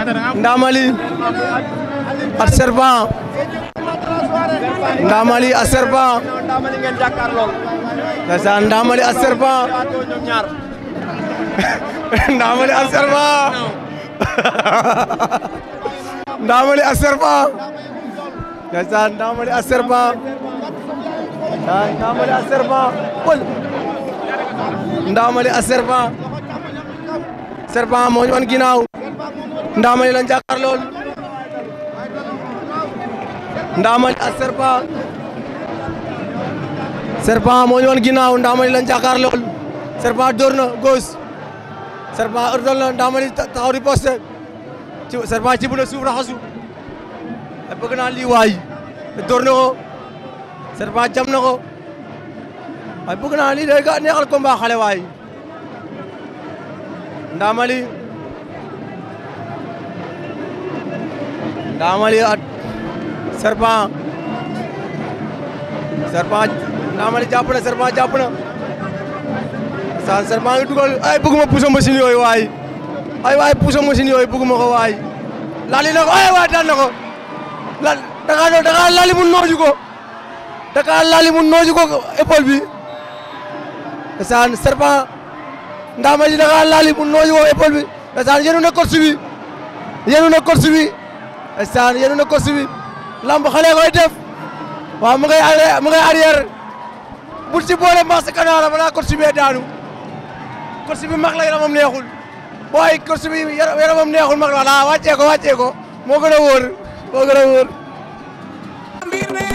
Ndamali ak Serpent Ndamali ak Serpent ndeysaan Ndamali ak Serpent Ndamali ak Serpent Ndamali ak Serpent ndeysaan Ndamali ak Serpent Ndamali ak Serpent Ndamali ak Serpent Serpent moo ñu wan ginnaaw Ndamali lañ jàkkaarlool Ndamali ak Serpent Serpent moo ñu woon ginnaaw Ndamali lañ jàkkaarlool Serpent dóor na gauche Serpent ërdal na Ndamali taxaw di posté ci Serpent ci bu suuf raxasu bëgg naa lii waay dóor na ko Serpent jam na bëgg naa lii day neexal combat xale waay Ndamali Ndamali ak Serpent Serpent Ndamali jàpp na Serpent jàpp dugal ay bëgguma puso machine yooyu waay ay waay puso machine yooyu bëgguma ko waay laali na ko ay waay daan na ko la laali mu nooju ko laali mu nooju ko épaule bi san Serpent Ndamali dakaa laali mu nooju ko épaule bi san yenu na korsu bi saan yenu na course bi lamb xale koy def waaw mu ngay mu ngay arrière bul ci boole balaa course bi daanu course bi mag la yaramam neexul booy course yaramam neexul mag la wala wàccee ko wàccee moo gën a moo gën a